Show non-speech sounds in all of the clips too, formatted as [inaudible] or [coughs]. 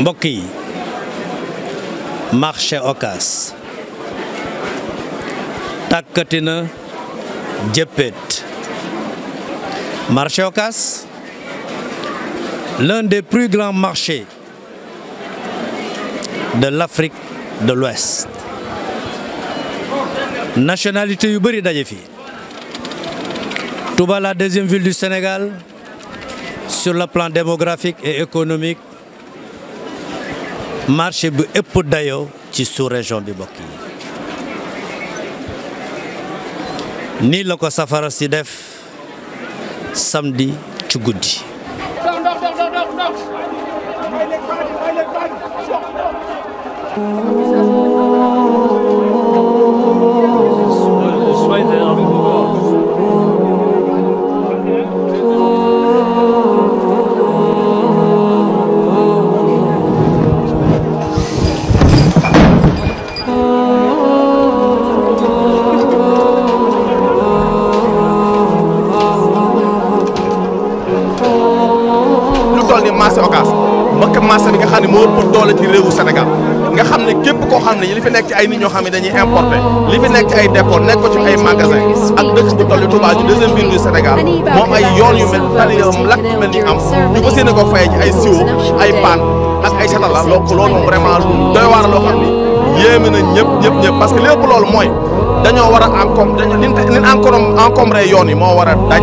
mbokk yi marché Ocass tàkkati na marché Ocass l'un des plus grands marchés de l'Afrique de l'Ouest nationalité yu bëri daje fii Touba la deuxième ville du Sénégal sur le plan démographique et économique marché bi ëpp dayoo ci sous-région bi bokk yi nii la ko safara si def samdi ci guddi toll ni marché Ocass mbokk marché bi nga xam ne moo ëpp doole ci réewu Sénégal nga xam ne képp koo xam ne li fi nekk ci ay nit ñoo xam ne dañuy importé li fi nekk ci ay dépôt nekk ko ci ay magasin ak dëkk bu toll Touba ñu deuxième ville du moom ay yoon yu mel tali lakk yu ni am ñëpp ñëpp ñëpp parce que lépp mooy dañoo war a encom dañoo ni ñu encombré yoon yi moo war a dañ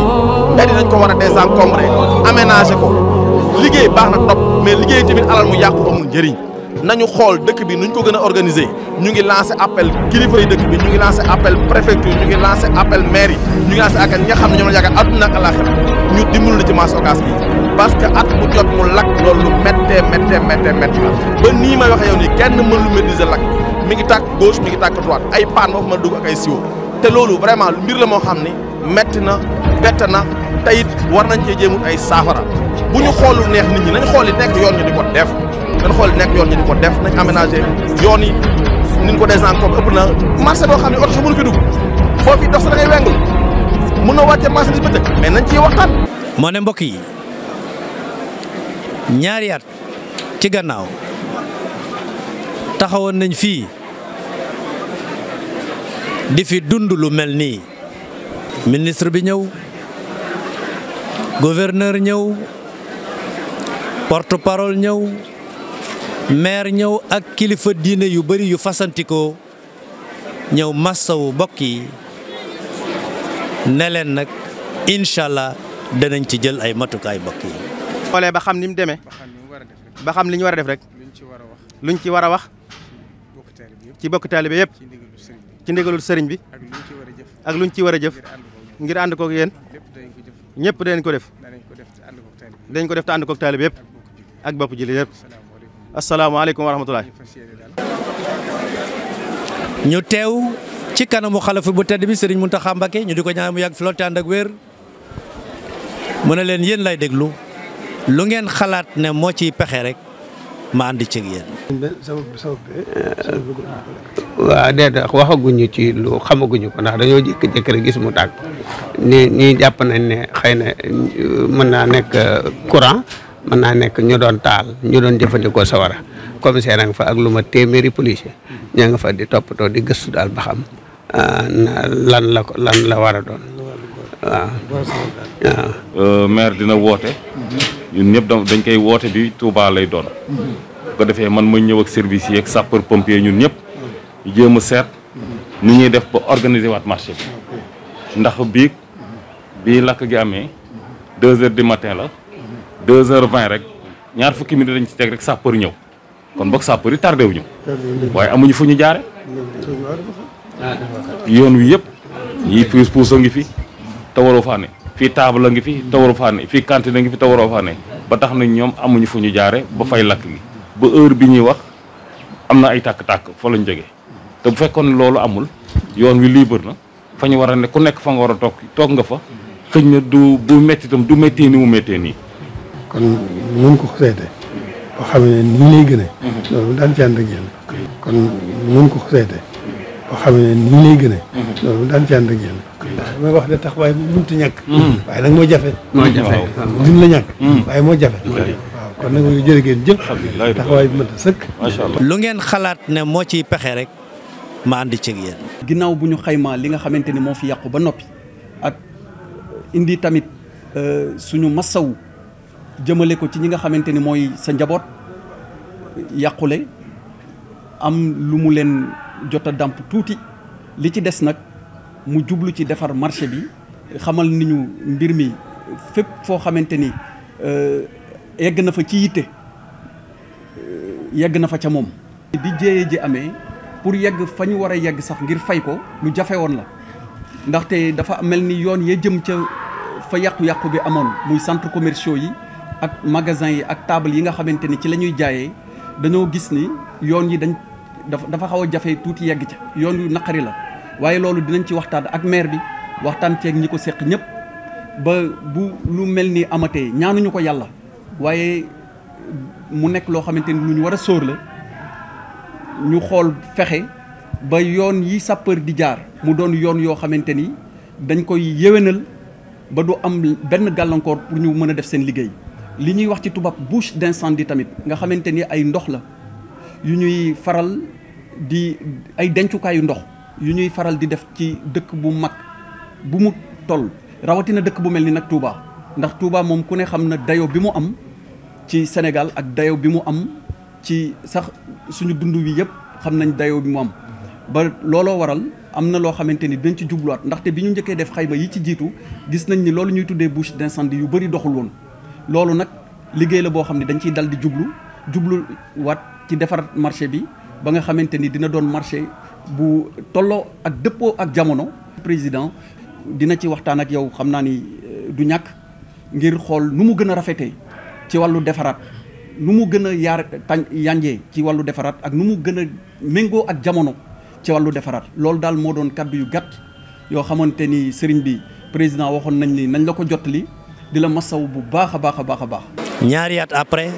mbedd dañ ko war a désencombré aménagé ko liggéey baax na topp mais liggéey tamit alal mu yàqu amul njëriñ nañu xool dëkk bi nuñ ko gën a organiser ñu ngi lance appel kilifa dëkk bi ñu ngi lancé appel préfecture ñu ngi lancé appel maire yi ñu ngi lancé ak ñi xam ne ñoom la yaakaar àdduna ak àllaaxira ñu dimbalu ci marché Ocass bi parce que at bu jot mu lakk loolu lu méttee méttee méttee métti ba nii may waxee yow nii kenn mën lu lakk mi ngi tàkk gauche mi ngi tàkk droite ay paan moo fa mën a loolu vraiment mbir la moo xam ne métti na bett na tey it war nañ cee jéemut ay saafara bu ñu xoolul neex nit ñi nañ xool nekk yoon ñu di ko def nañ xool nekk yoon ñu di ko def nañ aménagé yoon yi niñ ko desan comme ëpp na marché boo xam ne oto sa fi dugg foo fi dox sa wengul mën na wàcce marché bi bëccëg mais nañ ciy waxtaan moo ne mbokk yi ñaari at ci gannaaw taxawoon nañ fii di fi dund lu mel nii ministre bi ñëw gouverneur ñëw porte parole ñëw maire ñëw ak kilifa diine yu bari yu fasantikoo ñëw massawu mbokk yi ne leen nag incha allah danañ ci jël ay matukaay mbokk yi. xoolee ba xam ni mu demee ba xam li ñu war a def rek luñ ci war a wax ci bokk taalibe yëpp ci ndigalul sëriñ bi ak luñ ci war a jëf ngir ànd koog yéen. ñëpp dañ ko def. dañ ko def te ànd koog taalib yëpp. ak bopp julli yëpp. asalaamaaleykum wa rahmatulah. ñu teew ci kanamu xalifa bu tedd bi Serigne Mountakha Mbacké ñu di ko ñaan mu yàgg fi lool te ànd ak wér. mu ne leen yéen lay déglu lu ngeen xalaat ne moo ciy pexe rek. ma ànd ci yéen. waaw déedéet waxaguñu ci lu xamaguñu ko ndax dañoo jékki-jékki gis mu tàgg ni ñii jàpp nañ ne xëy na euh, mën naa nekk euh, courant mën naa nekk ñu doon taal ñu doon jëfandikoo sawara commissaire nga fa ak lu ma téeméeri policier ña nga fa di toppatoo di gëstu daal ba xam euh, lan la ko lan la war a doon waaw waaw maire dina woote mhm. ñun ñëpp dañ koy woote bi Touba lay doon. bu defee man ma ñëw ak service yi ak sapeur pompier ñun ñëpp. ñu jéem a seet. nu ñuy def ba organiser waat marché bi. ndax bii bii lakk gi amee. deux heures du matin la. deux heures vingt rek ñaar fukki minutes dañ ci teg rek sapeur ñëw kon boog sapeur yi tardé wuñu waaye amuñu fu ñu jaare yoon wi yëpp. ñii puus puus a ngi fi. te waroo faa ne fii table ngi fi te waroo faa ne fii cantine ngi fi te waroo faa ne ba tax nañ ñoom amuñu fu ñu jaare ba fay lakk gi ba heure bi ñuy wax am na ay tàkk-tàkk fa lañ jógee te bu fekkoon loolu amul yoon wi libre na fa ñu war a ne ku nekk fa nga war a toog toog nga fa xëñ na du bu métti du méttee ni mu méttee nii. kon ñu ko xeete boo xam ne nii lay gënee. Mhm. loolu daan ci ko seete boo xam ne nii lay gënee. loolu daan ci ànd ak yéen. ndax damay wax ne tax waaye mënut a ñàkk. Hmm. waaye nag moo jafe. moo la ñàkk. Hmm. waaye moo jafe. waaw kon nag mooy jërë ngeen jëf. alhamdulilah taxawaay bi mënut sëkk. lu ngeen xalaat ne moo ciy pexe rek ma àndi ci yéen. ginnaaw bu ñu xaymaa li nga xamante ni moo fi yàqu ba noppi indi tamit euh, suñu masaw jëmale ko ci ñi nga xamante ni mooy sa njaboot yàqule am lu mu leen jot a dàmp tuuti li ci des nag. mu jublu ci defar marché bi xamal ni ñu mbir mi fépp foo xamante ni euh, yegg na fa ci yitte yegg na fa ca moom. di jéeye ji amee pour yegg fa ñu war a yegg sax ngir fay ko lu jafe woon la ndaxte dafa mel ni yoon ya jëm ca fa yàqu-yàqu bi amoon muy centres commerciaux yi ak magasins yi ak taabal yi nga xamante ni ci la ñuy jaayee dañoo gis ni yoon yi dañ dafa xaw a jafe tuuti yegg ca yoon yu naqari la. waaye loolu dinañ ci waxtaan ak maire bi waxtaan ceeg ñi ko seq ñëpp ba bu lu mel ni amatee ñaanuñu ko yàlla waaye mu nekk loo xamante ni lu ñu war a sóor la ñu xool fexe ba yoon yi sapeur di jaar mu doon yoon yoo xamante ni dañ koy yéwénal ba du am benn gàllankoor pour ñu mën a def seen liggéey li ñuy wax ci tubaab bouche d'incendie tamit nga xamante ni ay ndox la yu ñuy faral di ay dencukaayu ndox yu ñuy faral di def ci dëkk bu mag bu mu tol rawatina dëkk bu mel ni nag Touba ndax Touba moom ku ne xam na dayo bi mu am ci Sénégal ak dayo bi mu am ci sax suñu dund wi yëpp xam nañ dayo bi mu am ba looloo waral am na loo xamante ni dañ ci jubluwaat ndaxte bi ñu njëkkee def xayma yi ci jiitu gis nañ ni loolu ñuy tuddee bouche d'incendie yu bëri doxul woon loolu nag liggéey la boo xam ne dañ ciy dal di jublu jubluwaat ci defar marché bi ba nga xamante ni dina doon marché bu tolloo ak dëppoo ak jamono. président dina ci waxtaan ak yow xam naa ni euh, du ñàkk ngir xool nu mu gën a rafetee ci wàllu defaraat nu mu gën a yaar tañ yànjee ci wàllu defaraat ak nu mu gën a méngoo ak jamono ci wàllu defaraat. loolu daal moo doon kàddu yu gàtt yoo xamante ni sëriñ bi président waxoon nañ ni nañ la ko jot li di la masaw bu baax a baax a baax a baax. ñaari at après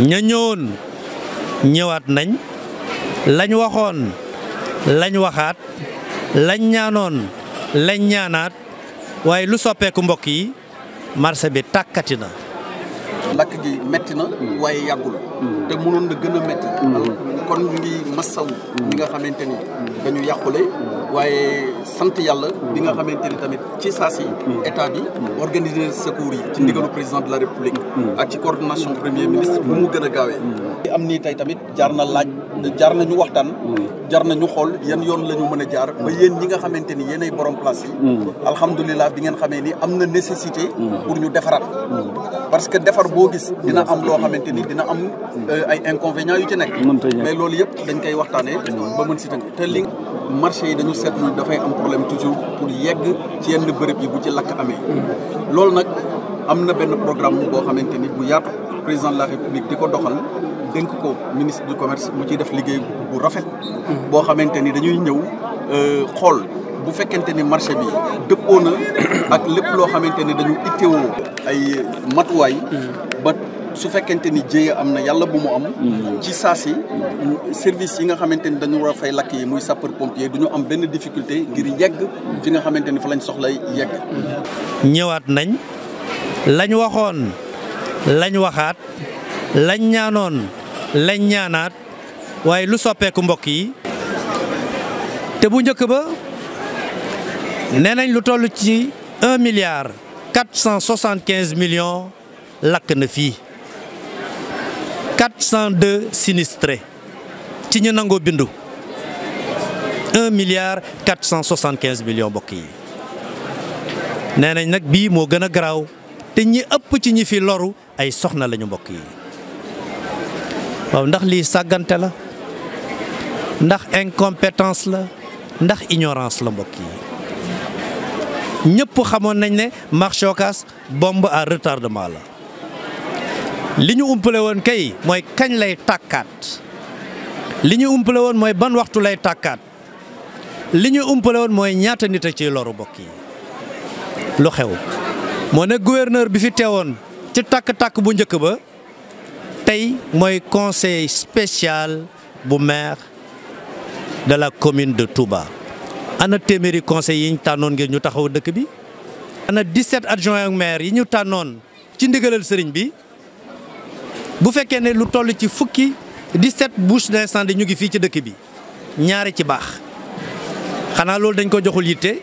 ña ñëwoon ñëwaat nañ. lañ waxoon lañ waxaat lañ ñaanoon lañ ñaanaat waaye lu soppeeku mbokk yi marché bi tàkkati na. lakk gi metti na waaye yàggul. Mm. te mënoon na gën a metti. Mm. kon ñu ngi masawu ñi nga xamante ni dañu yàqule waaye sant yàlla bi nga xamante ni tamit ci saa si état bi organiser secours yi ci ndigalu président de la république ak ci coordination premier ministre bu mu gën a gaawee am nii tey tamit jaar na laaj jaar na ñu waxtaan jar na ñu xool yan yoon la ñu mën a jaar ba yéen ñi nga xamante ni yéenay borom place yi mm. alhamdulilah bi ngeen xamee ni am na nécessité mm. pour ñu defaraat mm. parce que defar boo gis dina am loo xamante ni dina am euh, ay inconvénients yu ci nekk mais loolu yëpp dañ koy waxtaanee ba mën si tënk te li marché yi dañu seetlu dafay am problème toujours pour yegg ci yenn bërëb yi bu ci lakk amee loolu nag am na benn programme boo xamante ni bu yaatu président la république di ko doxal dénk ko ministre du commerce mu ciy def liggéey bu rafet. boo xamante ni dañuy ñëw euh, xool bu fekkente ni marché bi dëppoo na [coughs] ak lépp loo xamante ni dañu ittewoo ay matuwaay. ba su fekkente ni jéeya am na yàlla bu mu am. ci saa si service yi nga xamante ni dañu war a fay lakk yi muy sapeur pompier du ñu am benn difficulté ngir yegg fi nga xamante ni fa lañ soxla yegg. ñëwaat nañ lañ waxoon lañ waxaat lañ ñaanoon. lañ ñaanaat waaye lu soppeeku mbokk yi te bu njëkk ba nee nañ lu toll ci un milliard quatre cent soixante quinze millions lakk na fii quatre cent deux ci ñu nangoo bindu un milliard quatre cent quinze millions mbokk yi nee nañ nag bii moo gën a garaaw te ñi ëpp ci ñi fi loru ay soxna lañu mbokk yi. waaw ndax lii sàggante la ndax incompétence la ndax ignorance la mbokk yi ñëpp xamoon nañ ne marché Ocass bombe à retardement la li ñu umpale woon kay mooy kañ lay tàkkaat li ñu umpale woon mooy ban waxtu lay tàkkaat li ñu umpale woon mooy ñaata nit a ciy loru mbokk yi lu xew moo ne gouverneur bi fi teewoon ci tàkk-tàkk bu njëkk ba tey mooy conseil spécial bu maire de la commune de Touba ana téeméeri conseil yi ñu tànnoon ngir ñu taxaw dëkk bi ana 17 adjoint ak maire yi ñu tànnoon ci ndigalal sëriñ bi bu fekkee ne lu toll ci fukki 17 bouches d'incendie ñu ngi fii ci dëkk bi ñaari ci baax xanaa loolu dañ ko joxul yitte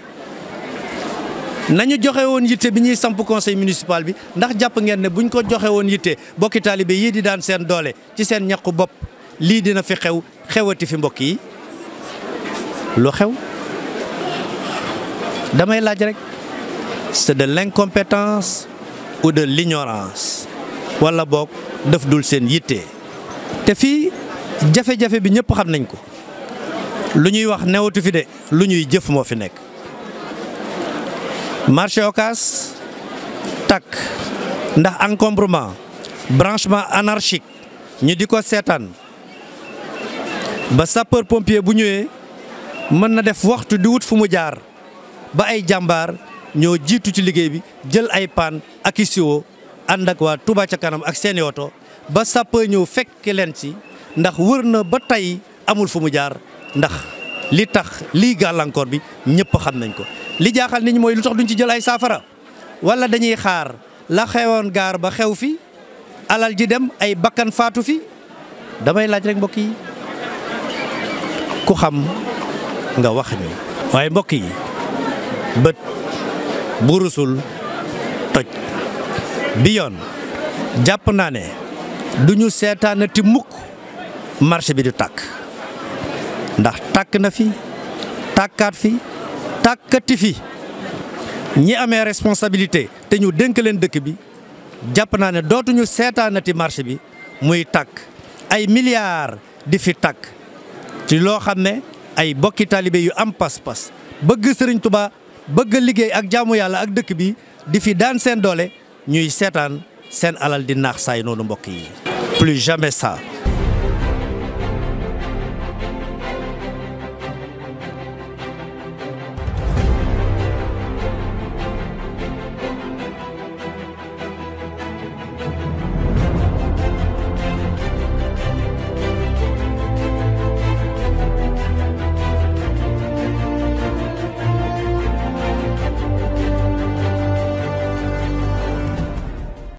nañu joxe woon yitte bi ñuy samp conseil municipal bi ndax jàpp ngeen ne buñ ko joxe woon yitte bokki taalibe yii di daan seen doole ci seen ñaqu bopp lii dina fi xew xewati fi mbokk yi lu xew damay laaj rek c'est de l'incompétence ou de l'ignorance wala boog def dul seen yitte te fii jafe-jafe bi ñëpp xam nañ ko lu ñuy wax newatu fi de lu ñuy jëf moo fi nekk marché Ocass takk ndax encombrement branchement anarchique ñi di ko seetaan ba sapeur pompier bu ñëwee mën na def waxtu di wut fu mu jaar ba ay jàmbaar ñoo jiitu ci liggéey bi jël ay paan ak i siwo ànd ak waa Touba ca kanam ak seeni oto ba sapeur ñëw fekk leen ci ndax wër na ba tey amul fu mu jaar ndax li tax lii gàllankoor bi ñëpp xam nañ ko. li jaaxal nit ñi mooy lu tax duñu ci jël ay saafara wala dañuy xaar la xewoon gaar ba xew fi alal ji dem ay bakkan faatu fi damay laaj rek mbokk yi ku xam nga wax ñu waaye mbokk yi bët bu rusul toj bi yoon jàpp naa ne duñu ñu seetaanati mukk marché bi du tàkk ndax tàkk na fi tàkkaat fi tàkkati fi ñi amee responsabilité te ñu dénk leen dëkk bi jàpp naa ne dootuñu seetaanati marché bi muy tàkk ay milliards di fi tàkk ci loo xam ne ay bokki taalibe yu am pas-pas bëgg sëriñ Tuubaa bëgg liggéey ak jaamu yàlla ak dëkk bi di fi daan seen doole ñuy seetaan seen alal di naax saay noonu mbokk yi plus jamais ça